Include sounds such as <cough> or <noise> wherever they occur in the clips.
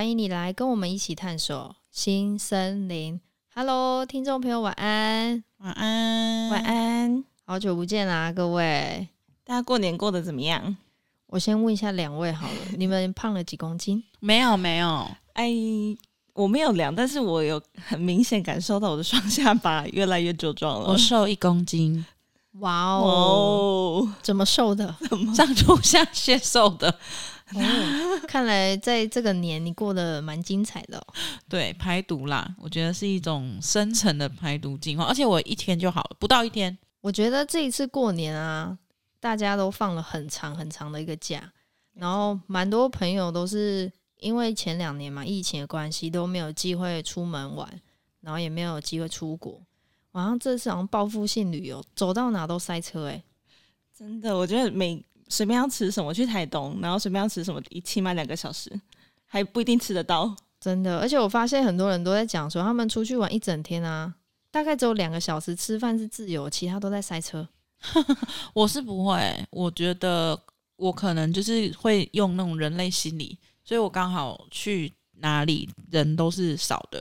歡迎你來跟我們一起探索新森林。Hello，聽眾朋友，晚安，晚安，晚安，好久不見啊，各位！大家過年過得怎麼樣？我先問一下兩位好了， <laughs> 你們胖了幾公斤？沒有，沒有。哎，我沒有量，但是我有很明顯感受到我的雙下巴越來越茁壯了。我瘦一公斤，哇 Wow, 哦！怎麼瘦的？怎麼？上吐下瀉瘦的？哦，看來在這個年你過得蠻精彩的哦。對，排毒啦，我覺得是一種深層的排毒淨化，而且我一天就好了，不到一天。我覺得這一次過年啊，大家都放了很長很長的一個假，然後蠻多朋友都是因為前兩年嘛，疫情的關係都沒有機會出門玩，然後也沒有機會出國，然後這次好像報復性旅遊，走到哪都塞車欸，哎，真的，我覺得每。隨便要吃什麼去台東，然後隨便要吃什麼，起碼兩個小時，還不一定吃得到。真的，而且我發現很多人都在講說，他們出去玩一整天啊，大概只有兩個小時吃飯是自由，其他都在塞車。 <laughs> 我是不會，我覺得我可能就是會用那種人類心理，所以我剛好去哪裡人都是少的，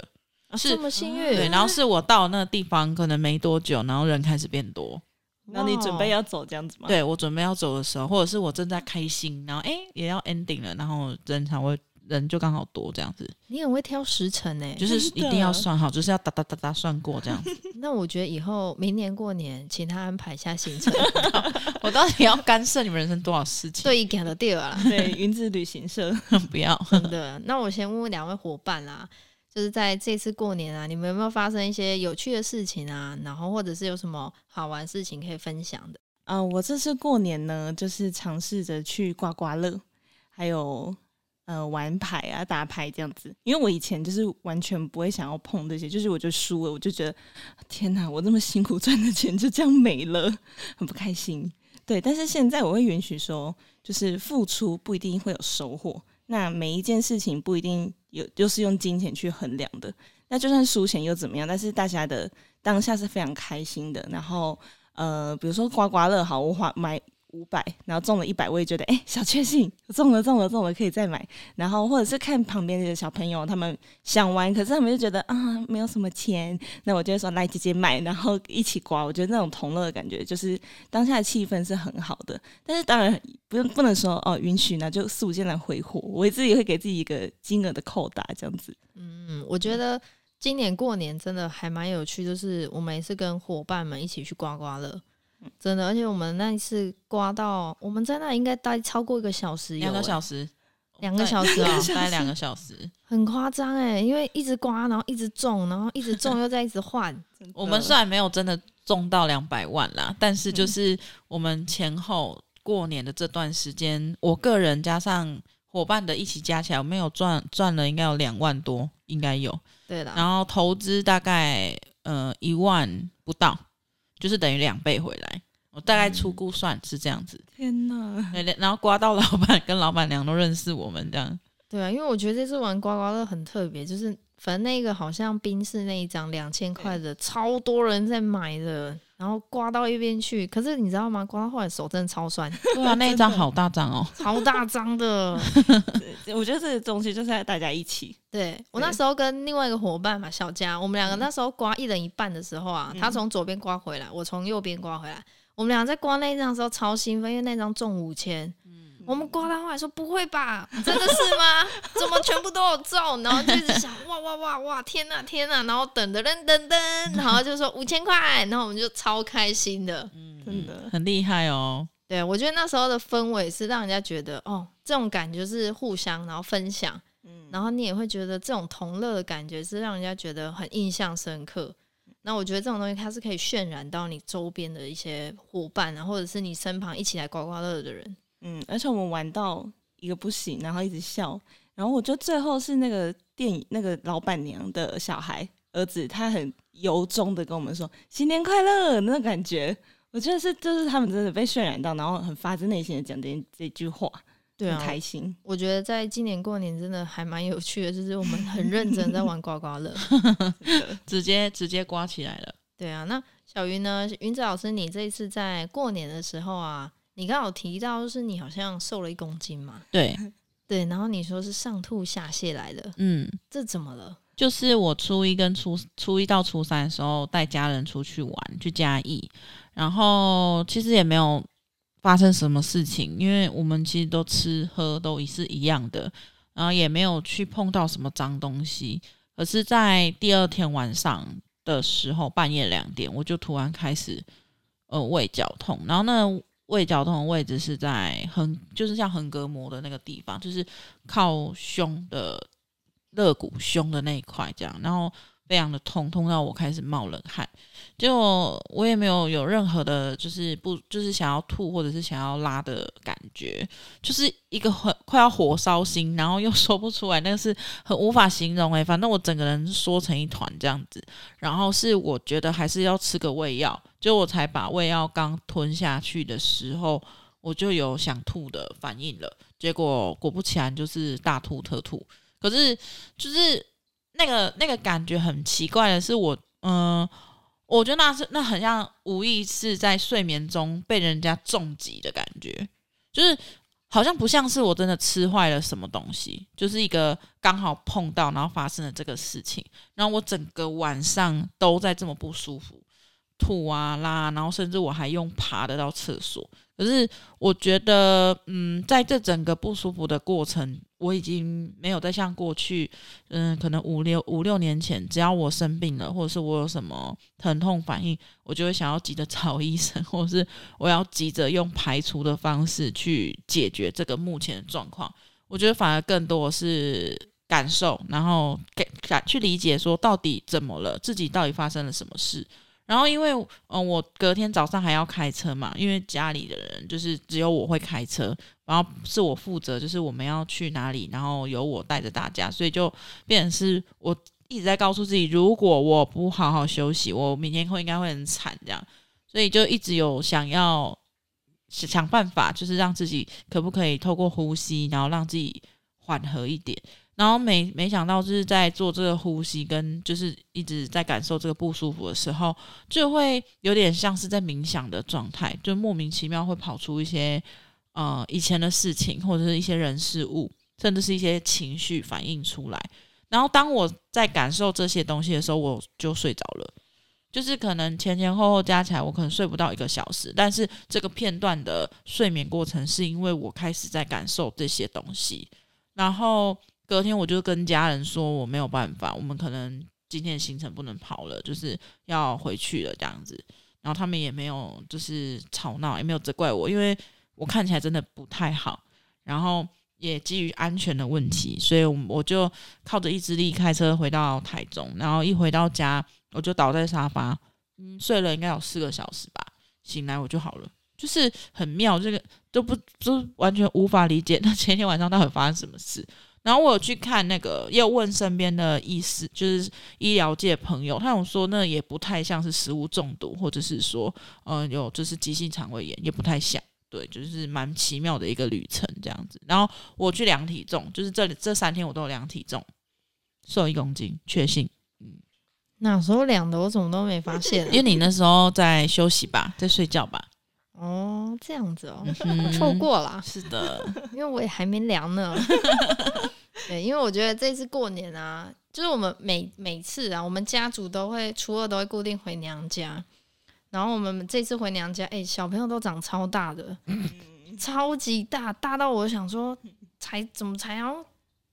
是、啊、這麼幸運。對，然後是我到那個地方可能沒多久，然後人開始變多。那你準備要走這樣子嗎？Wow、對，我準備要走的時候，或者是我正在開心，然後哎、欸、也要 ending 了，然後人才會人就剛好多這樣子。你很會挑時辰誒、欸，就是一定要算好，的就是要噠噠噠噠算過這樣。 <laughs> 那我覺得以後明年過年，請他安排一下行程。 <laughs> <laughs> <laughs> 我到底要干涉你們人生多少事情？ <laughs> 對，一點都對了。對，芸子旅行社。 <laughs> 不要。對，那我先問問兩位夥伴啦。就是在這次過年啊，你們有沒有發生一些有趣的事情啊？然後或者是有什麼好玩的事情可以分享的？啊、呃。我這次過年呢，就是嘗試着去刮刮樂，還有呃玩牌啊，打牌這樣子。因為我以前就是完全不會想要碰這些，就是我就輸了，我就覺得天哪，我這麼辛苦賺的錢就這樣沒了，很不開心。對，但是現在我會允許說，就是付出不一定會有收穫，那每一件事情不一定。又就是用金錢去衡量的，那就算輸錢又怎麼樣？但是大家的當下是非常開心的。然後，呃，比如說刮刮樂，好，我花買。五百，500，然後中了一百，我也覺得哎、欸，小確幸，中了中了中了，中了，可以再買。然後或者是看旁邊的小朋友，他們想玩，可是他們就覺得啊，沒有什麼錢。那我就會說，來姐姐買，然後一起刮。我覺得那種同樂的感覺，就是當下的氣氛是很好的。但是當然，不不能說哦，允許呢、啊，就肆無忌憚揮霍，我也自己會給自己一個金額的扣打這樣子。嗯，我覺得今年過年真的還蠻有趣，就是我們也是跟夥伴們一起去刮刮樂。真的，而且我們那一次刮到，我們在那應該待超過一個小時、欸，兩個小時，兩個小時哦，待兩個小時，小時，很誇張哎，因為一直刮，然後一直中，然後一直中 <laughs> 又再一直換。我們雖然沒有真的中到兩百萬啦，但是就是我們前後過年的這段時間，嗯、我個人加上伙伴的一起加起來，我們有賺賺了應該有兩萬多，應該有。對的啦。然後投資大概呃一萬不到。就是等於兩倍，回來，我大概初估算是這樣子。嗯、天哪！對，然後刮到老闆跟老闆娘都認識我們這樣。對啊，因為我覺得這次玩刮刮樂很特別，就是反正那個好像冰室那一張兩千塊的，對超多人在買的。然後刮到一邊去，可是你知道嗎？刮到後來手真的超酸。哇 <laughs> 啊，那張好大張哦，喔，超大張的。我覺得這東西就是在大家一起。對，我那時候跟另外一個夥伴嘛，小佳，對我們兩個那時候刮一人一半的時候啊，嗯、他從左邊刮回來，我從右邊刮回來，嗯、我們倆在刮那張的時候超興奮，因為那張中五千。我們刮到後來說：“不會吧，真的是嗎？ <laughs> 怎麼全部都有中？”然後就一直想：“哇哇哇哇，哇天哪、啊、天哪、啊！”然後等的等等等，然後就說五千塊，然後我們就超開心的，真的、嗯、很厲害哦。對我覺得那時候的氛圍是讓人家覺得哦，這種感覺是互相然後分享，嗯，然後你也會覺得這種同樂的感覺是讓人家覺得很印象深刻。那我覺得這種東西它是可以渲染到你周邊的一些伙伴，啊，或者是你身旁一起來刮刮樂的人。嗯，而且我們玩到一個不行，然後一直笑，然後我覺得最後是那個電影那個老闆娘的小孩兒子，他很由衷的跟我們說新年快樂，那種感覺，我覺得是就是他們真的被渲染到，然後很發自內心的講這這句話，對、啊、很開心。我覺得在今年過年真的還蠻有趣的，就是我們很認真在玩刮刮樂， <laughs> 的 <laughs> 直接直接刮起來了。對啊，那小芸呢？芸子老師，你這一次在過年的時候啊？你剛有提到，就是你好像瘦了一公斤嘛？對，對。然後你說是上吐下瀉來的，嗯，這怎麼了？就是我初一跟初初一到初三的時候帶家人出去玩，去嘉義，然後其實也沒有發生什麼事情，因為我們其實都吃喝都也是一樣的，然後也沒有去碰到什麼髒東西。可是，在第二天晚上的時候，半夜兩點，我就突然開始呃胃絞痛，然後呢、那個？胃絞痛的位置是在橫，就是像橫膈膜的那個地方，就是靠胸的肋骨，胸的那一塊這樣，然後。非常的痛，痛到我開始冒冷汗，結果我也沒有有任何的，就是不就是想要吐或者是想要拉的感覺，就是一個很快要火燒心，然後又說不出來，那個是很無法形容欸。反正我整個人縮成一團這樣子，然後是我覺得還是要吃個胃藥，結果我才把胃藥剛吞下去的時候，我就有想吐的反應了，結果果不其然就是大吐特吐，可是就是。那個那個感覺很奇怪的是我，我、呃、嗯，我覺得那是那很像無意識在睡眠中被人家重擊的感覺，就是好像不像是我真的吃壞了什麼東西，就是一個剛好碰到，然後發生了這個事情，然後我整個晚上都在這麼不舒服，吐啊拉，然後甚至我還用爬的到廁所。可是我覺得，嗯，在這整個不舒服的過程，我已經沒有再像過去，嗯，可能五六五六年前，只要我生病了，或者是我有什麼疼痛反應，我就會想要急着找醫生，或者是我要急着用排除的方式去解決這個目前的狀況。我覺得反而更多的是感受，然後感去理解說到底怎麼了，自己到底發生了什麼事。然後因為，嗯，我隔天早上還要開車嘛，因為家裡的人就是只有我會開車，然後是我負責，就是我們要去哪裡，然後由我帶着大家，所以就變成是我一直在告訴自己，如果我不好好休息，我明天會應該會很慘這樣，所以就一直有想要想想辦法，就是讓自己可不可以透過呼吸，然後讓自己緩和一點。然後沒沒想到就是在做這個呼吸，跟就是一直在感受這個不舒服的時候，就會有點像是在冥想的狀態，就莫名其妙會跑出一些呃以前的事情，或者是一些人事物，甚至是一些情緒反應出來。然後當我在感受這些東西的時候，我就睡着了。就是可能前前後後加起來，我可能睡不到一個小時，但是這個片段的睡眠過程是因為我開始在感受這些東西，然後。隔天我就跟家人說，我沒有辦法，我們可能今天的行程不能跑了，就是要回去了這樣子。然後他們也沒有就是吵鬧，也沒有責怪我，因為我看起來真的不太好。然後也基於安全的問題，所以我我就靠着意志力開車回到台中。然後一回到家，我就倒在沙發，睡了應該有四個小時吧。醒來我就好了，就是很妙，這個都不，就完全無法理解。那前天晚上到底發生什麼事？然後我有去看那個，又問身邊的醫師，就是醫療界朋友，他有說那也不太像是食物中毒，或者是說，嗯、呃，有就是急性腸胃炎也不太像，對，就是蠻奇妙的一個旅程這樣子。然後我去量體重，就是這裡這三天我都有量體重，瘦一公斤，確信。嗯，哪時候量的？我怎麼都沒發現？啊， <laughs> 因為你那時候在休息吧，在睡覺吧。哦，這樣子哦，錯、嗯、哼過了，是的，因為我也還沒量呢。 <laughs> 對，因為我覺得這次過年啊，就是我們每每次啊，我們家族都會初二都會固定回娘家，然後我們這次回娘家，哎、欸，小朋友都長超大的，超級大，大到我想說才，才怎麼才要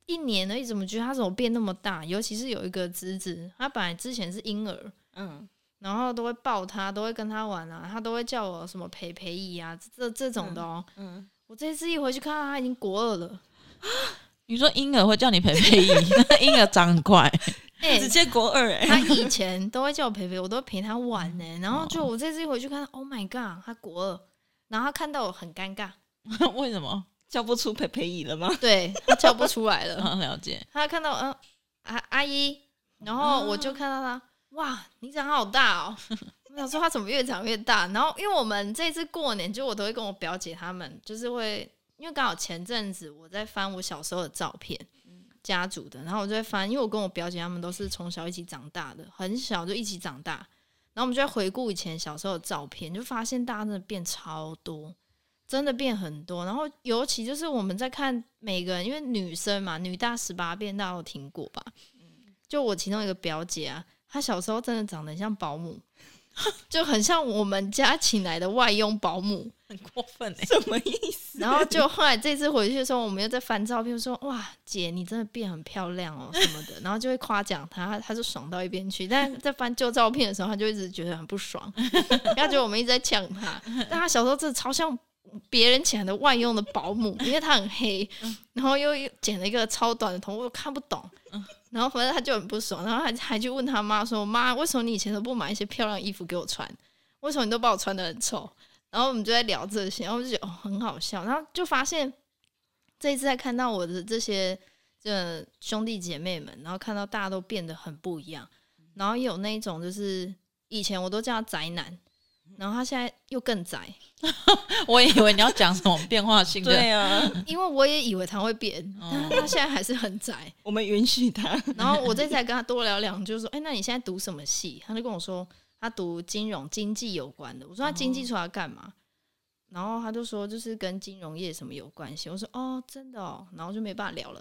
一年呢？你怎麼覺得他怎麼變那麼大？尤其是有一個侄子，他本來之前是嬰兒，嗯。然後都會抱他，都會跟他玩啊，他都會叫我什麼“陪陪姨”啊，這這種的、哦嗯。嗯，我這次一回去看到他已經國二了。你說嬰兒會叫你“陪陪姨”？ <laughs> 嬰兒長很快，欸、直接國二、欸。他以前都會叫我“陪陪”，我都會陪他玩呢、欸。然後就我這次一回去看到、哦、，Oh my god，他國二，然後他看到我很尷尬。為什麼叫不出“陪陪姨”了嗎？對，他叫不出來了， <laughs> 啊、了解。他看到嗯阿、呃啊、阿姨，然後我就看到他。啊哇，你長好大哦！我想說他怎麼越長越大。然後，因為我們這次過年，就我都會跟我表姐她們，就是會因為剛好前陣子我在翻我小時候的照片，嗯、家族的。然後我就會翻，因為我跟我表姐她們都是從小一起長大的，很小就一起長大。然後我們就在回顧以前小時候的照片，就發現大家真的變超多，真的變很多。然後，尤其就是我們在看每個人，因為女生嘛，女大十八變，大家有聽過吧？就我其中一個表姐啊。他小時候真的長得像保姆，就很像我們家請來的外傭保姆，很過分哎、欸，什麼意思？然後就後來這次回去的時候，我們又在翻照片，說哇，姐你真的變很漂亮哦什麼的，然後就會誇獎他，他就爽到一邊去。但在翻舊照片的時候，他就一直覺得很不爽，他覺得我們一直在嗆他，但他小時候真的超像。別人請的外傭的保姆，因為她很黑，然後又又剪了一個超短的頭，我看不懂。然後反正他就很不爽，然後他還，還去問他媽說：“媽，為什麼你以前都不買一些漂亮衣服給我穿？為什麼你都把我穿得很醜？”然後我們就在聊這些，然後我就覺得哦，很好笑。然後就發現這一次在看到我的這些就兄弟姐妹們，然後看到大家都變得很不一樣，然後有那一種就是以前我都叫他宅男。然後他現在又更宅， <laughs> 我以為你要講什麼變化性 <laughs> 對啊，因為我也以為他會變，嗯、他現在還是很宅。 <laughs> 我們允許他。 <laughs> 然後我這次還跟他多聊兩句，就說：“哎、欸，那你現在讀什麼系？”他就跟我說他讀金融經濟有關的。我說：“他經濟出來幹嘛？”哦、然後他就說：“就是跟金融業什麼有關係。”我說：“哦，真的。”哦。」然後就沒辦法聊了，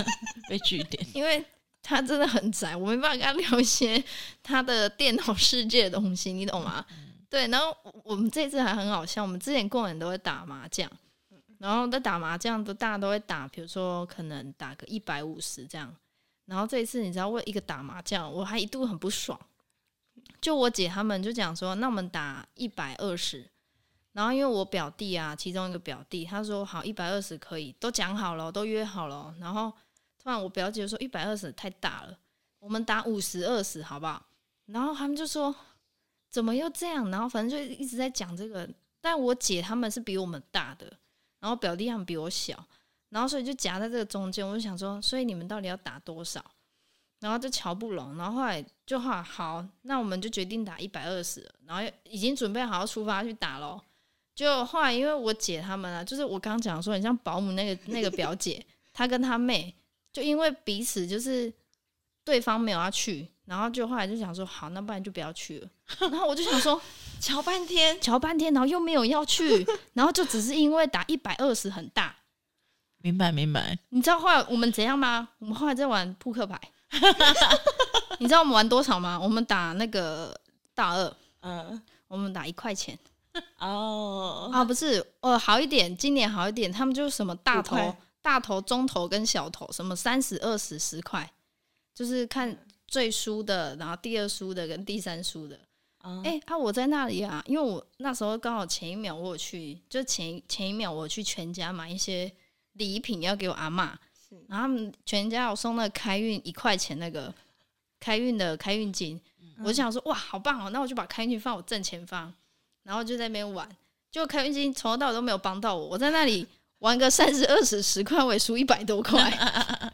<laughs> 被句點， <laughs> 因為他真的很宅，我沒辦法跟他聊一些他的電腦世界的東西，你懂嗎？ <laughs> 對，然後我們這一次還很好笑。我們之前過年都會打麻將，然後在打麻將都大家都會打，比如說可能打個一百五十這樣。然後這一次你知道為一個打麻將，我還一度很不爽。就我姐她們就講說，那我們打一百二十。然後因為我表弟啊，其中一個表弟他說好，一百二十可以，都講好了，都約好了。然後突然我表姐說一百二十太大了，我們打五十二十好不好？然後他們就說。怎麼又這樣？然後反正就一直在講這個。但我姐她們是比我們大的，然後表弟他們比我小，然後所以就夾在這個中間。我就想說，所以你們到底要打多少？然後就喬不攏。然後後來就話好，那我們就決定打一百二十。然後已經準備好要出發去打咯。就後來因為我姐她們啊，就是我剛剛講說，你像保姆那個那個表姐，她 <laughs> 跟她妹，就因為彼此就是對方沒有要去，然後就後來就想說，好，那不然就不要去了。 <laughs> 然後我就想說，瞧半天， <laughs> 瞧半天，然後又沒有要去， <laughs> 然後就只是因為打一百二十很大，明白明白。明白，你知道後來我們怎樣嗎？我們後來在玩撲克牌， <laughs> <laughs> <laughs> 你知道我們玩多少嗎？我們打那個大二，嗯，我們打一塊錢。哦，啊，不是，哦、呃，好一點，今年好一點，他們就是什麼大頭、五塊大頭、中頭跟小頭，什麼三十、二十、十塊，就是看最輸的，然後第二輸的跟第三輸的。哎、欸，啊，我在那裡啊，因為我那時候剛好前一秒我有去，就前前一秒我去全家買一些禮品要給我阿嬤，是然後他們全家我送那開運一塊錢那個開運的開運金，嗯、我就想說哇，好棒哦、喔，那我就把開運放我正前方，然後就在那邊玩，就開運金從頭到尾都沒有幫到我，我在那裡玩個三十二十十塊，我也輸一百多塊。 <laughs>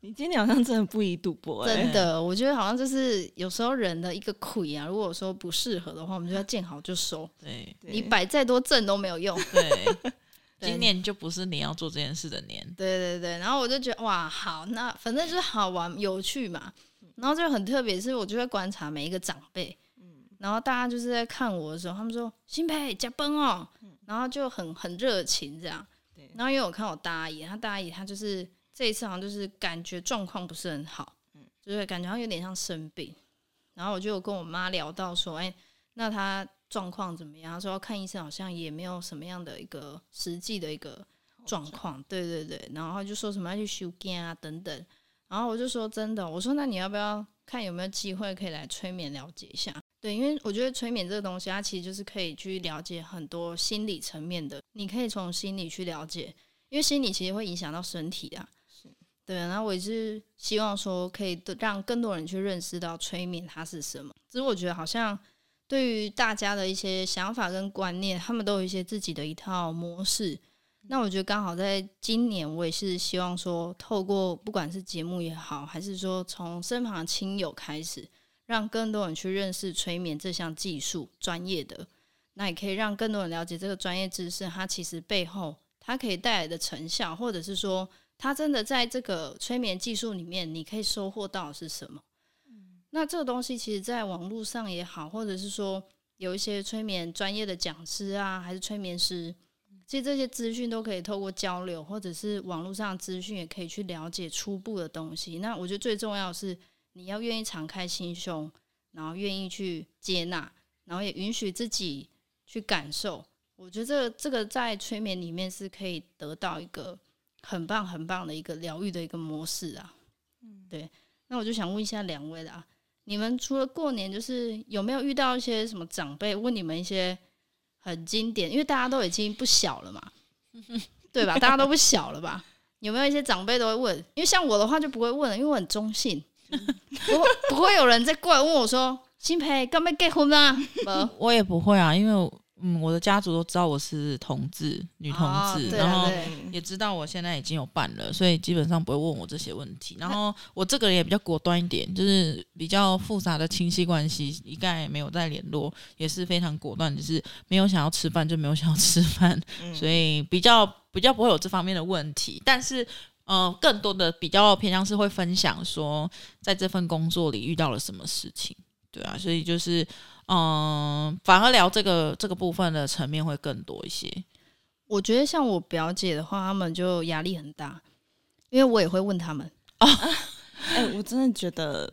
你今年好像真的不宜賭博，欸，真的，我覺得好像就是有時候人的一個虧啊。如果說不適合的話，我們就要見好就收。對，對你擺再多陣都沒有用。對， <laughs> 對，今年就不是你要做這件事的年。對，對對對，然後我就覺得哇，好，那反正就是好玩有趣嘛。然後就很特別，是我就在觀察每一個長輩，嗯，然後大家就是在看我的時候，他們說新培呷飯哦，然後就很很熱情這樣。對，然後因為我看我大阿姨，他大阿姨他就是。這一次好像就是感覺狀況不是很好，嗯，就是感覺好像有點像生病，然後我就跟我媽聊到說，哎，那他狀況怎麼樣？說要看醫生，好像也沒有什麼樣的一個實際的一個狀況，對對對。然後就說什麼要去收驚啊等等，然後我就說真的，我說那你要不要看有沒有機會可以來催眠了解一下？對，因為我覺得催眠這個東西，它其實就是可以去了解很多心理層面的，你可以從心理去了解，因為心理其實會影響到身體啊。對，然後我也是希望說，可以讓更多人去認識到催眠它是什麼。只是我覺得好像對於大家的一些想法跟觀念，他們都有一些自己的一套模式。那我覺得剛好在今年，我也是希望說，透過不管是節目也好，還是說從身旁親友開始，讓更多人去認識催眠這項技術專業的。那也可以讓更多人了解這個專業知識，它其實背後它可以帶來的成效，或者是說。他真的在這個催眠技術裡面，你可以收穫到的是什麼？嗯、那這個東西其實，在網絡上也好，或者是說有一些催眠專業的講師啊，還是催眠師，其實這些資訊都可以透過交流，或者是網絡上資訊也可以去了解初步的東西。那我覺得最重要的是，你要願意敞開心胸，然後願意去接納，然後也允許自己去感受。我覺得這個這個在催眠裡面是可以得到一個。很棒很棒的一個療癒的一個模式啊，嗯，對。那我就想問一下兩位啦，你們除了過年，就是有沒有遇到一些什麼長輩問你們一些很經典？因為大家都已經不小了嘛， <laughs> 對吧？大家都不小了吧？ <laughs> 有沒有一些長輩都會問？因為像我的話就不會問了，因為我很中性，不不會有人再過來問我說：“金 <laughs> 培，甘欲結婚啊？”我也不會啊，因為。嗯，我的家族都知道我是同志，女同志，哦啊、然後也知道我現在已經有伴了，所以基本上不會問我這些問題。然後我這個人也比較果斷一點，就是比較複雜的親戚關係一概沒有再聯絡，也是非常果斷，就是沒有想要吃飯就沒有想要吃飯，嗯、所以比較比較不會有這方面的問題。但是，嗯、呃，更多的比較偏向是會分享說，在這份工作裡遇到了什麼事情，對啊，所以就是。嗯，反而聊這個這個部分的層面會更多一些。我覺得像我表姐的話，他們就壓力很大，因為我也會問他們。哎、哦 <laughs> 欸，我真的覺得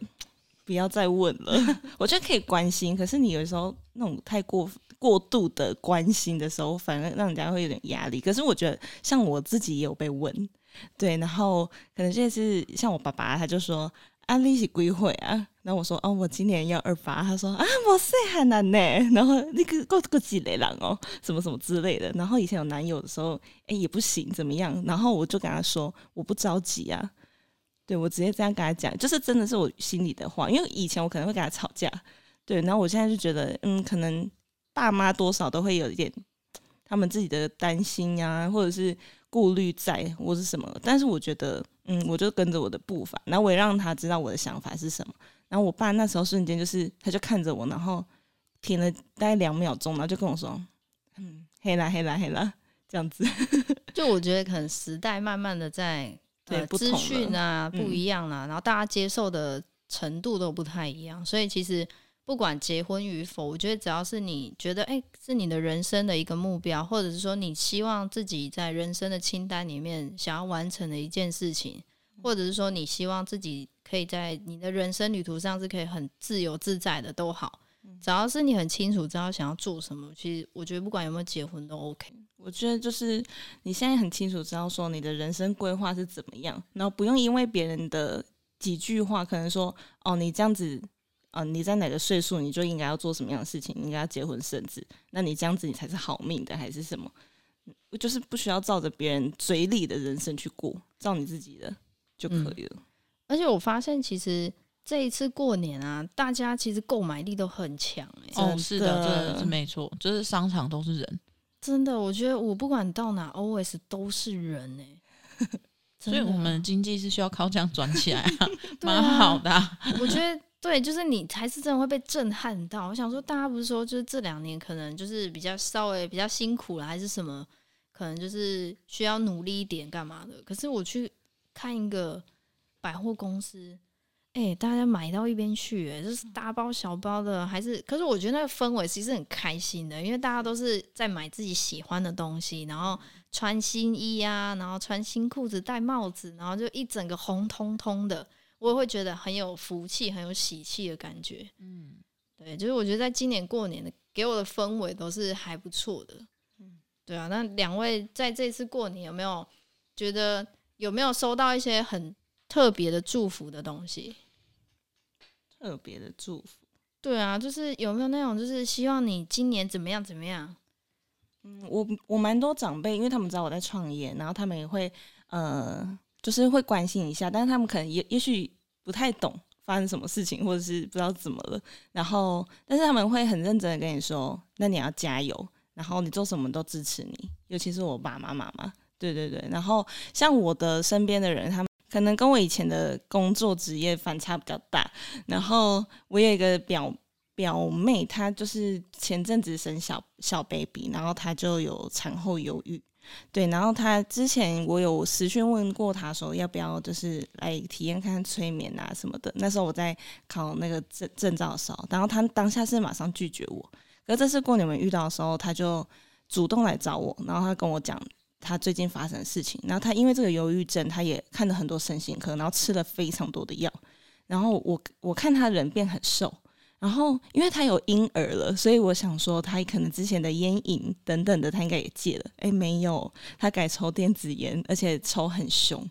不要再問了。我覺得可以關心，可是你有時候那種太過過度的關心的時候，反而讓人家會有點壓力。可是我覺得像我自己也有被問，對，然後可能就是像我爸爸，他就說。啊你是幾歲啊，然後我說，哦，我今年要二八，他說啊，我是還難呢，然後那個過過幾類人哦，什麼什麼之類的。然後以前有男友的時候，哎、欸，也不行，怎麼樣？然後我就跟他說，我不着急啊，對，我直接這樣跟他講，就是真的是我心裡的話，因為以前我可能會跟他吵架，對，然後我現在就覺得，嗯，可能爸媽多少都會有一點他們自己的擔心啊，或者是顧慮在，或是什麼，但是我覺得。嗯，我就跟着我的步伐，然後我也讓他知道我的想法是什麼。然後我爸那時候瞬間就是，他就看着我，然後停了大概兩秒鐘，然後就跟我說：“嗯，黑啦黑啦黑啦，這樣子。 <laughs> ”就我覺得可能時代慢慢的在、呃、對資訊啊不一樣了、啊，嗯、然後大家接受的程度都不太一樣，所以其實。不管結婚與否，我覺得只要是你覺得哎、欸、是你的人生的一個目標，或者是說你希望自己在人生的清單裡面想要完成的一件事情，或者是說你希望自己可以在你的人生旅途上是可以很自由自在的都好，只要是你很清楚知道想要做什麼，其實我覺得不管有沒有結婚都 OK。我覺得就是你現在很清楚知道說你的人生規劃是怎麼樣，然後不用因為別人的幾句話，可能說哦你這樣子。嗯、啊，你在哪個歲數，你就應該要做什麼樣的事情，你應該要結婚生子。那你這樣子，你才是好命的，還是什麼？就是不需要照着別人嘴裡的人生去過，照你自己的就可以了、嗯。而且我發現，其實這一次過年啊，大家其實購買力都很強、欸。哎的，哦，是的，是的，是沒錯，就是商場都是人。真的，我覺得我不管到哪，always 都是人哎、欸。啊、所以，我們經濟是需要靠這樣轉起來、啊，蠻、 <laughs> 啊、好的、啊。我覺得。對，就是你才是真的會被震撼到。我想說，大家不是說就是這兩年可能就是比較稍微比較辛苦了，還是什麼，可能就是需要努力一點幹嘛的。可是我去看一個百貨公司，誒、欸，大家買到一邊去，就是大包小包的，還是。可是我覺得那個氛圍其實是很開心的，因為大家都是在買自己喜歡的東西，然後穿新衣啊，然後穿新褲子，戴帽子，然後就一整個紅彤彤的。我也會覺得很有福氣、很有喜氣的感覺。嗯，對，就是我覺得在今年過年的給我的氛圍都是還不錯的。嗯，對啊。那兩位在這次過年有沒有覺得有沒有收到一些很特別的祝福的東西？特別的祝福。對啊，就是有沒有那種就是希望你今年怎麼樣怎麼樣？嗯，我我蠻多長輩，因為他們知道我在創業，然後他們也會呃。就是會關心一下，但是他們可能也也許不太懂發生什麼事情，或者是不知道怎麼了。然後，但是他們會很認真的跟你說：“那你要加油，然後你做什麼都支持你。”尤其是我爸媽媽媽，對對對。然後像我的身邊的人，他們可能跟我以前的工作職業反差比較大。然後我有一個表表妹，她就是前陣子生小小 baby，然後她就有產後憂鬱。對，然後他，之前我有私訊問過他，說要不要就是來體驗看催眠啊什麼的。那時候我在考那個證證照的時候，然後他當下是馬上拒絕我。可是這次過年我們遇到的時候，他就主動來找我，然後他跟我講他最近發生的事情。然後他因為這個憂鬱症，他也看了很多身心科，然後吃了非常多的藥。然後我我看他人變很瘦。然後，因為他有嬰兒了，所以我想說，他可能之前的菸癮等等的，他應該也戒了。誒，沒有，他改抽電子菸，而且抽很凶。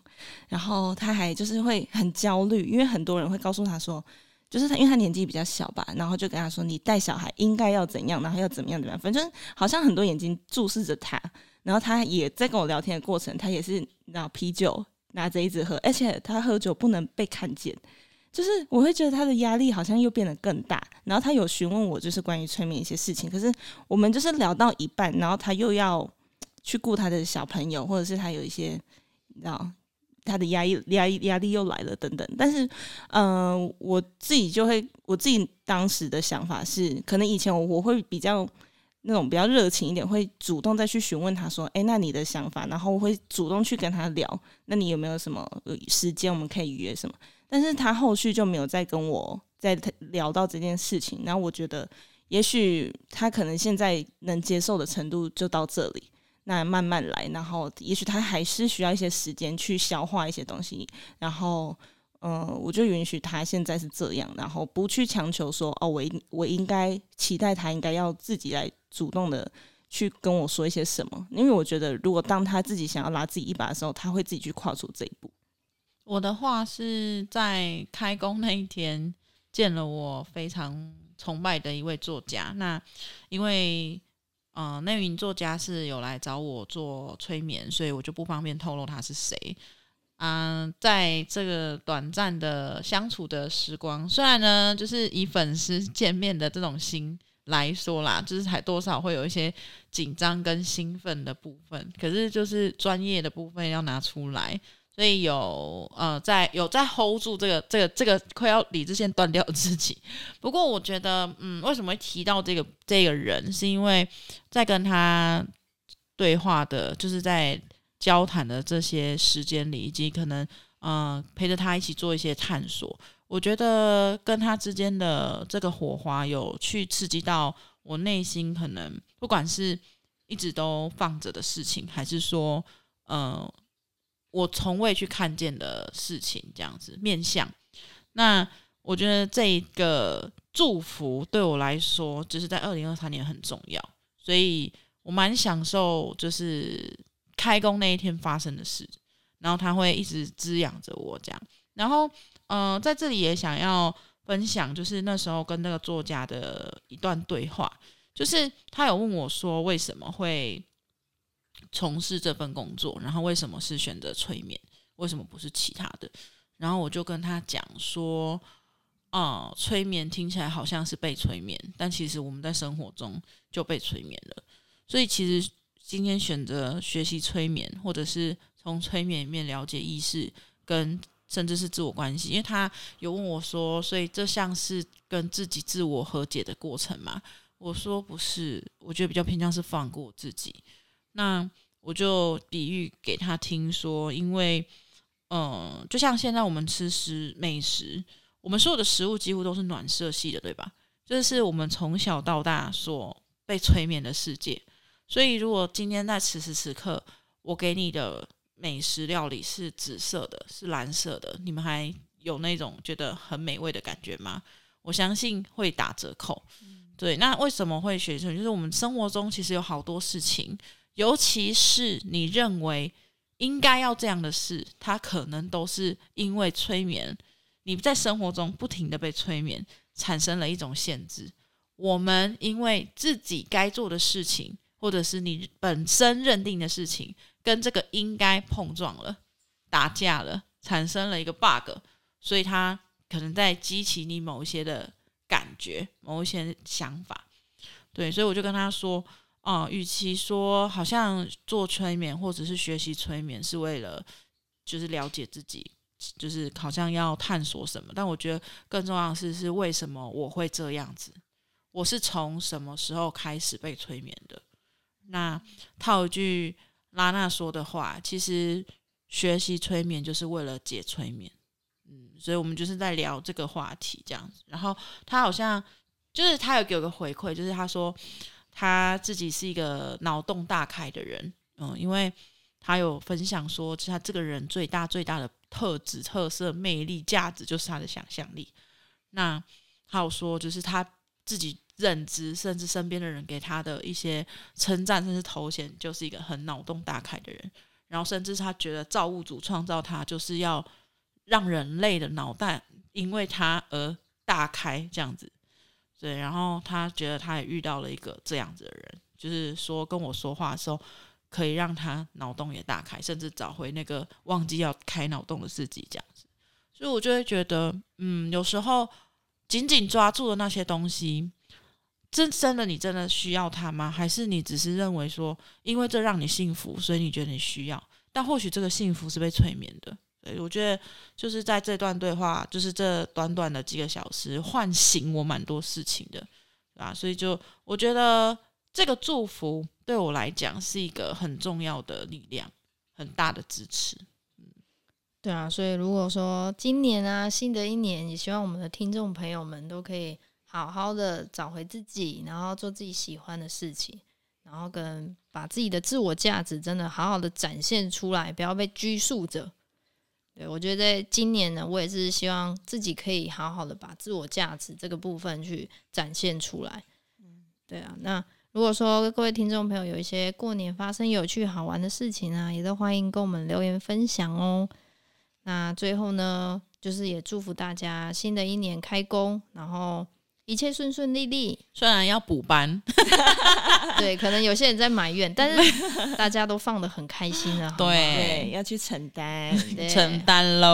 然後他還就是會很焦慮，因為很多人會告訴他說，就是他因為他年紀比較小吧，然後就跟他說，你帶小孩應該要怎樣，然後要怎麼樣怎麼樣，反正好像很多眼睛注視着他。然後他也在跟我聊天的過程，他也是拿啤酒拿着一直喝，而且他喝酒不能被看見。就是我會覺得他的壓力好像又變得更大，然後他有詢問我，就是關於催眠一些事情，可是我們就是聊到一半，然後他又要去顧他的小朋友，或者是他有一些，你知道他的壓力壓壓力又來了等等。但是，嗯、呃，我自己就會我自己當時的想法是，可能以前我我會比較那種比較熱情一點，會主動再去詢問他說，哎、欸，那你的想法，然後我會主動去跟他聊，那你有沒有什麼，有時間我們可以約什麼？但是他後續就沒有再跟我再聊到這件事情，那我覺得，也許他可能現在能接受的程度就到這裡，那慢慢來，然後也許他還是需要一些時間去消化一些東西，然後嗯，我就允許他現在是這樣，然後不去強求說哦，我我應該期待他應該要自己來主動的去跟我說一些什麼，因為我覺得如果當他自己想要拉自己一把的時候，他會自己去跨出這一步。我的話是在開工那一天見了我非常崇拜的一位作家，那因為呃那名作家是有來找我做催眠，所以我就不方便透露他是誰。嗯、呃，在這個短暫的相處的時光，雖然呢就是以粉絲見面的這種心來說啦，就是還多少會有一些緊張跟興奮的部分，可是就是專業的部分要拿出來。所以有呃，在有在 hold 住這個這個這個快要理智線斷掉自己。不過我覺得，嗯，為什麼會提到這個這個人，是因為在跟他對話的，就是在交談的這些時間裡，以及可能嗯、呃，陪着他一起做一些探索。我覺得跟他之間的這個火花，有去刺激到我內心，可能不管是一直都放着的事情，還是說嗯。呃我從未去看見的事情，這樣子面向。那我覺得這一個祝福對我來說，就是在二零二三年很重要，所以我蠻享受，就是開工那一天發生的事，然後它會一直滋養着我這樣。然後，嗯、呃，在這裡也想要分享，就是那時候跟那個作家的一段對話，就是他有問我說，為什麼會從事這份工作，然後為什麼是選擇催眠？為什麼不是其他的？然後我就跟他講說，哦，催眠聽起來好像是被催眠，但其實我們在生活中就被催眠了。所以其實今天選擇學習催眠，或者是從催眠裡面了解意識，跟甚至是自我關係，因為他有問我說，所以這像是跟自己自我和解的過程嗎？我說不是，我覺得比較偏向是放過自己。那我就比喻給他聽說，因為，嗯、呃，就像現在我們吃食美食，我們所有的食物幾乎都是暖色系的，對吧？這、就是我們從小到大所被催眠的世界。所以，如果今天在此時此刻，我給你的美食料理是紫色的，是藍色的，你們還有那種覺得很美味的感覺嗎？我相信會打折扣。嗯、對，那為什麼會形成？就是我們生活中其實有好多事情。尤其是你認為應該要這樣的事，它可能都是因為催眠，你在生活中不停的被催眠，產生了一種限制。我們因為自己該做的事情，或者是你本身認定的事情，跟這個應該碰撞了、打架了，產生了一個 bug，所以它可能在激起你某一些的感覺、某一些想法。對，所以我就跟他說。哦，與其說好像做催眠或者是學習催眠是為了，就是了解自己，就是好像要探索什麼，但我覺得更重要的是是為什麼我會這樣子，我是從什麼時候開始被催眠的？那套一句拉娜說的話，其實學習催眠就是為了解催眠，嗯，所以我們就是在聊這個話題這樣子。然後他好像就是他有給我一個回饋，就是他說。他自己是一個腦洞大開的人，嗯、呃，因為他有分享說，其實他這個人最大最大的特質、特色、魅力、價值就是他的想象力。那還有說，就是他自己認知，甚至身邊的人給他的一些稱讚，甚至頭銜，就是一個很腦洞大開的人。然後，甚至他覺得造物主創造他，就是要讓人類的腦袋因為他而大開，這樣子。對，然後他覺得他也遇到了一個這樣子的人，就是說跟我說話的時候，可以讓他腦洞也大開，甚至找回那個忘記要開腦洞的自己這樣子。所以，我就會覺得，嗯，有時候緊緊抓住的那些東西，真真的你真的需要他嗎？還是你只是認為說，因為這讓你幸福，所以你覺得你需要？但或許這個幸福是被催眠的。對，我覺得就是在這段對話，就是這短短的幾個小時，喚醒我蠻多事情的啊。所以就我覺得這個祝福對我來講是一個很重要的力量，很大的支持。嗯，對啊，所以如果說今年啊，新的一年，也希望我們的聽眾朋友們都可以好好的找回自己，然後做自己喜歡的事情，然後跟把自己的自我價值真的好好的展現出來，不要被拘束着。對，我覺得今年呢，我也是希望自己可以好好的把自我價值這個部分去展現出來。嗯，對啊，那如果說各位聽眾朋友有一些過年發生有趣好玩的事情啊，也都歡迎跟我們留言分享哦。那最後呢，就是也祝福大家新的一年開工，然後。一切順順利利，雖然要補班， <laughs> 對，可能有些人在埋怨，但是大家都放的很開心啊。 <laughs> 好好對，要去承擔，對承擔嘍。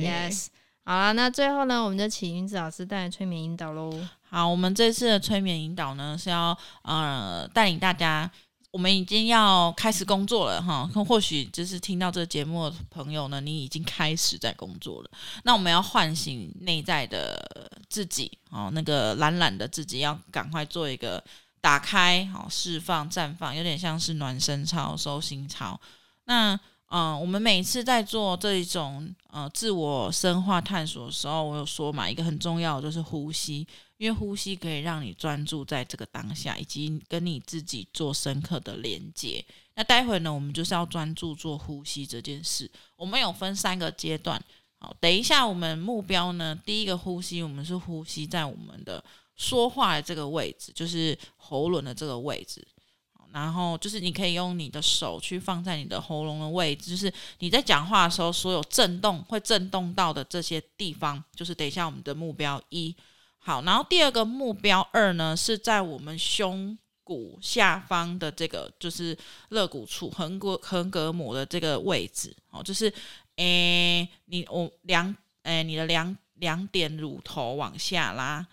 Yes，好啦，那最後呢，我們就請芸子老師帶來催眠引導嘍。好，我們這次的催眠引導呢，是要呃帶領大家。我們已經要開始工作了哈，那或許就是聽到這個節目的朋友呢，你已經開始在工作了。那我們要喚醒內在的自己哦，那個懶懶的自己，要趕快做一個打開，好釋放綻放，有點像是暖身操、收心操。那嗯、呃，我們每次在做這一種呃自我深化探索的時候，我有說嘛，一個很重要的就是呼吸。因為呼吸可以讓你專注在這個當下，以及跟你自己做深刻的連接。那待會呢，我們就是要專注做呼吸這件事。我們有分三個階段。好，等一下，我們目標呢，第一個呼吸，我們是呼吸在我們的說話的這個位置，就是喉嚨的這個位置。好，然後就是你可以用你的手去放在你的喉嚨的位置，就是你在講話的時候，所有震動會震動到的這些地方，就是等一下我們的目標一。好，然後第二個目標二呢，是在我們胸骨下方的這個就是肋骨處橫膈橫膈膜的這個位置哦，就是誒、欸、你我兩誒、欸、你的兩兩點乳頭往下拉，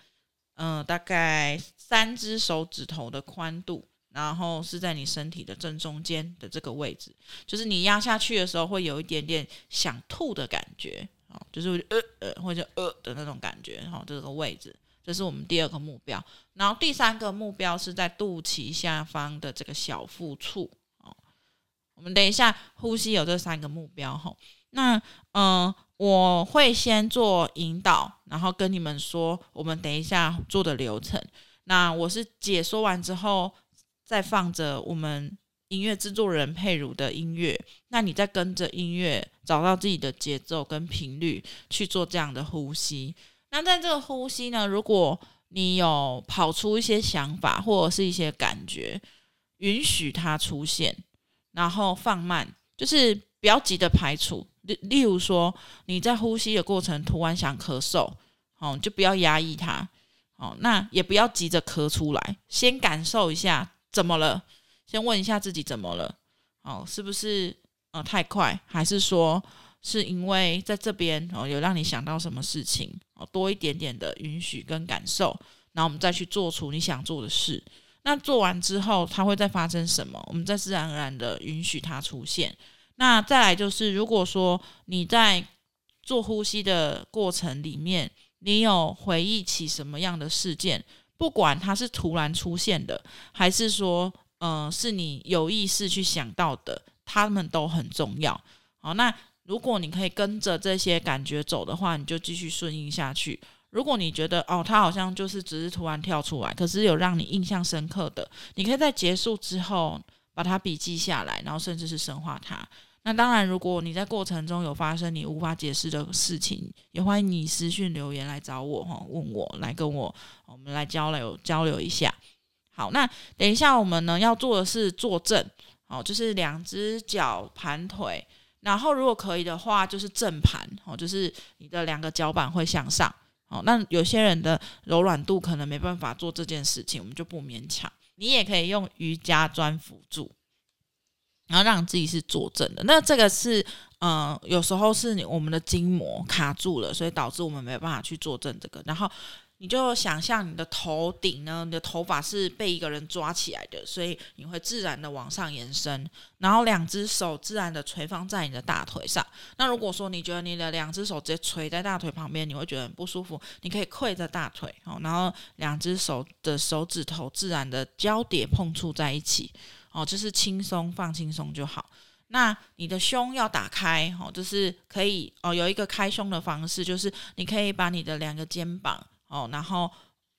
嗯、呃，大概三隻手指頭的寬度，然後是在你身體的正中間的這個位置，就是你壓下去的時候會有一點點想吐的感覺哦，就是呃呃或者呃的那種感覺，然、哦、這個位置。這是我們第二個目標，然後第三個目標是在肚臍下方的這個小腹處哦。我們等一下呼吸有這三個目標吼，那嗯、呃，我會先做引導，然後跟你們說我們等一下做的流程。那我是解說完之後再放着我們音樂制作人珮茹的音樂，那你再跟着音樂找到自己的節奏跟頻率去做這樣的呼吸。那在這個呼吸呢，如果你有跑出一些想法或者是一些感覺，允許它出現，然後放慢，就是不要急着排除。例例如說，你在呼吸的過程突然想咳嗽，哦，就不要壓抑它，哦，那也不要急着咳出來，先感受一下怎麼了，先問一下自己怎麼了，哦，是不是呃太快，還是說？是因為在這邊哦，有讓你想到什麼事情哦，多一點點的允許跟感受，然後我們再去做出你想做的事。那做完之後，它會再發生什麼？我們再自然而然的允許它出現。那再來就是，如果說你在做呼吸的過程裡面，你有回憶起什麼樣的事件，不管它是突然出現的，還是說嗯、呃，是你有意識去想到的，它們都很重要。好，那。如果你可以跟着這些感覺走的話，你就繼續順應下去。如果你覺得哦，它好像就是只是突然跳出來，可是有讓你印象深刻的，你可以在結束之後把它筆記下來，然後甚至是深化它。那當然，如果你在過程中有發生你無法解釋的事情，也歡迎你私訊留言來找我哈，問我來跟我我們來交流交流一下。好，那等一下我們呢要做的是坐正，好，就是兩只腳盤腿。然後如果可以的話，就是正盤哦，就是你的兩個腳板會向上哦。那有些人的柔軟度可能沒辦法做這件事情，我們就不勉強。你也可以用瑜伽磚輔助，然後讓自己是坐正的。那這個是，嗯、呃，有時候是我們的筋膜卡住了，所以導致我們沒有辦法去坐正這個。然後。你就想象你的頭頂呢，你的頭髮是被一個人抓起來的，所以你會自然的往上延伸，然後兩隻手自然的垂放在你的大腿上。那如果說你覺得你的兩隻手直接垂在大腿旁邊，你會覺得很不舒服，你可以跪在大腿哦，然後兩隻手的手指頭自然的交疊碰觸在一起哦，就是輕鬆放輕鬆就好。那你的胸要打開哦，就是可以哦，有一個開胸的方式，就是你可以把你的兩個肩膀哦，然後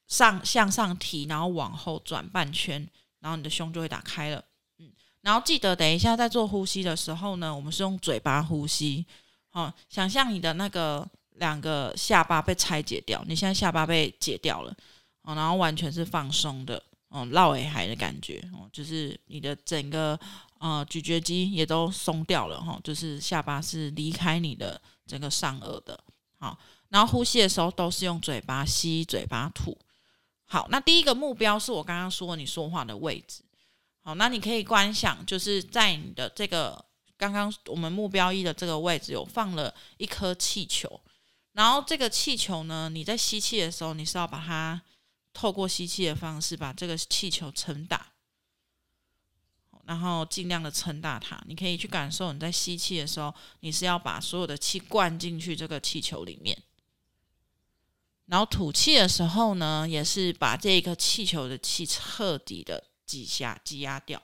上向上提，然後往後轉半圈，然後你的胸就會打開了，嗯，然後記得等一下在做呼吸的時候呢，我們是用嘴巴呼吸，哦，想象你的那個兩個下巴被拆解掉，你現在下巴被解掉了，哦，然後完全是放鬆的，哦，繞尾、呃、海的感覺，哦，就是你的整個呃咀嚼肌也都鬆掉了哈、哦，就是下巴是離開你的整個上顎的，好、哦。然後呼吸的時候都是用嘴巴吸，嘴巴吐。好，那第一個目標是我剛剛說你說話的位置。好，那你可以觀想就是在你的這個剛剛我們目標一的這個位置有放了一顆氣球，然後這個氣球呢，你在吸氣的時候你是要把它透過吸氣的方式把這個氣球撐大，然後盡量的撐大它。你可以去感受你在吸氣的時候，你是要把所有的氣灌進去這個氣球裡面。然後吐氣的時候呢，也是把這個氣球的氣徹底的擠下、擠壓掉。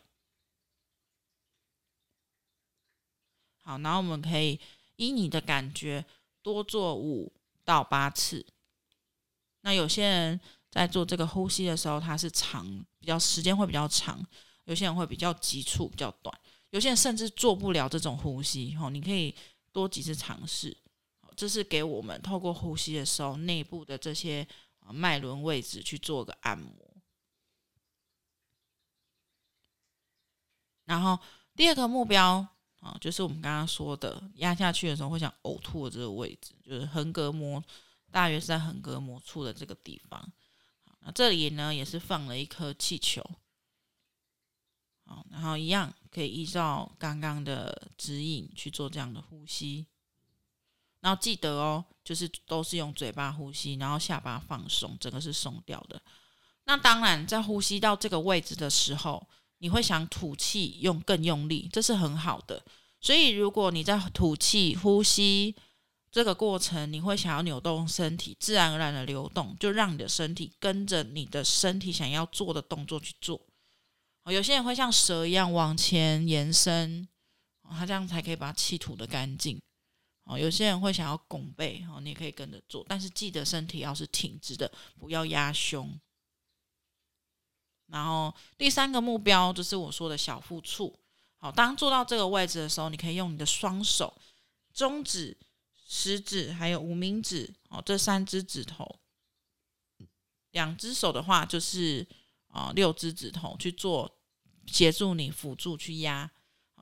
好，然後我們可以依你的感覺多做五到八次。那有些人在做這個呼吸的時候，它是長，比較時間會比較長；有些人會比較急促，比較短；有些人甚至做不了這種呼吸。吼，你可以多幾次嘗試。這是給我們透過呼吸的時候，內部的這些脈輪位置去做個按摩。然後第二個目標啊，就是我們剛剛說的壓下去的時候會想嘔吐的這個位置，就是橫膈膜，大約是在橫膈膜處的這個地方。那這裡呢，也是放了一顆氣球。然後一樣可以依照剛剛的指引去做這樣的呼吸。然後記得哦，就是都是用嘴巴呼吸，然後下巴放鬆，整個是鬆掉的。那當然，在呼吸到這個位置的時候，你會想吐氣用更用力，這是很好的。所以，如果你在吐氣呼吸這個過程，你會想要扭動身體，自然而然的流動，就讓你的身體跟着你的身體想要做的動作去做。有些人會像蛇一樣往前延伸，他這樣才可以把氣吐得乾淨。哦，有些人會想要拱背，哦，你也可以跟着做，但是記得身體要是挺直的，不要壓胸。然後第三個目標就是我說的小腹處，好、哦，當做到這個位置的時候，你可以用你的雙手，中指、食指還有無名指，哦，這三隻指頭，兩隻手的話就是啊、哦、六隻指頭去做，協助你輔助去壓。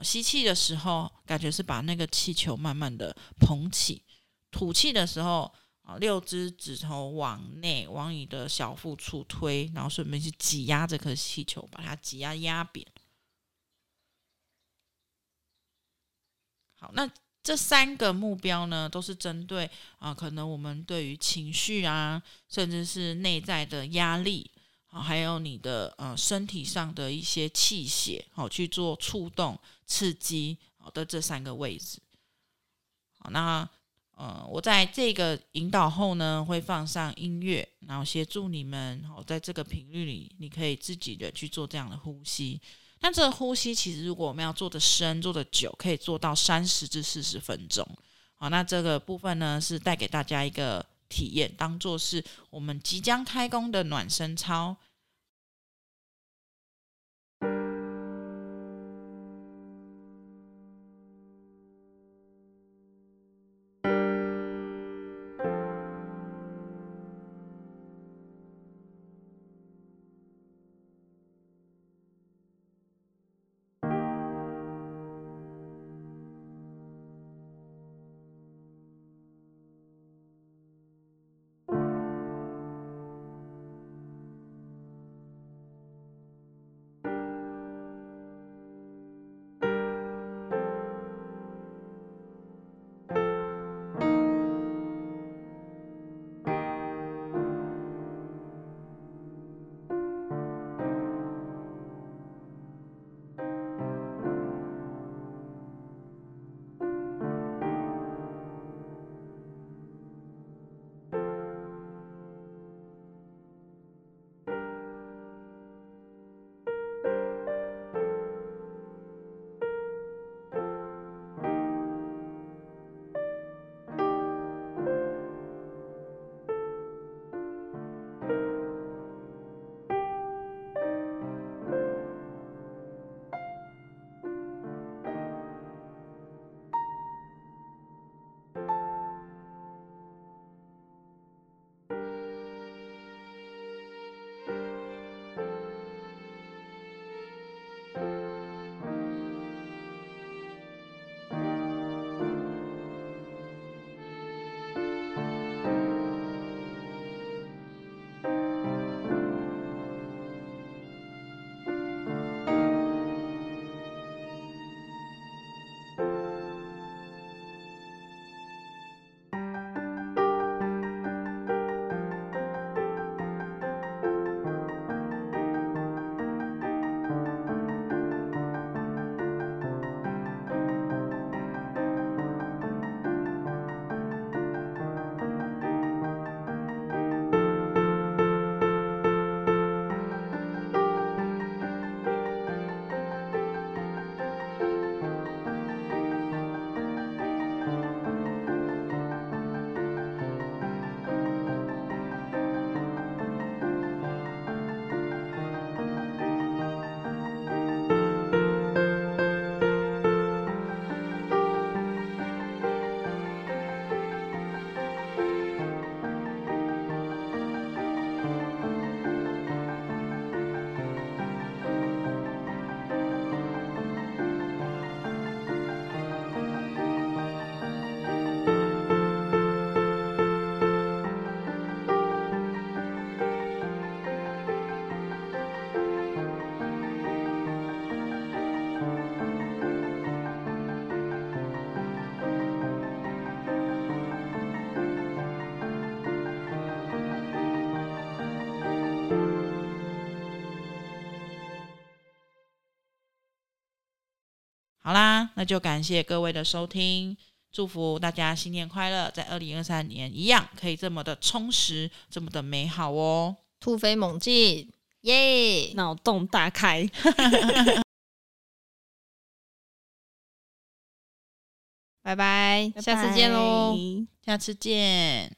吸氣的時候，感覺是把那個氣球慢慢的捧起；吐氣的時候，啊，六只指頭往內往你的小腹處推，然後順便去擠壓這顆氣球，把它擠壓壓扁。好，那這三個目標呢，都是針對啊、呃，可能我們對於情緒啊，甚至是內在的壓力。還有你的呃身體上的一些氣血，好去做觸動、刺激好的這三個位置。好，那呃我在這個引導後呢，會放上音樂，然後協助你們好在這個頻率裡，你可以自己的去做這樣的呼吸。那這個呼吸其實如果我們要做的深、做的久，可以做到三十至四十分鐘。好，那這個部分呢是帶給大家一個體驗，當做是我們即將開工的暖身操。好啦，那就感謝各位的收聽，祝福大家新年快樂，在二零二三年一樣可以這麼的充實，這麼的美好哦，突飛猛進，耶，Yeah! 腦洞大開， <laughs> <laughs> 拜拜，下次見嘍，拜拜，下次見。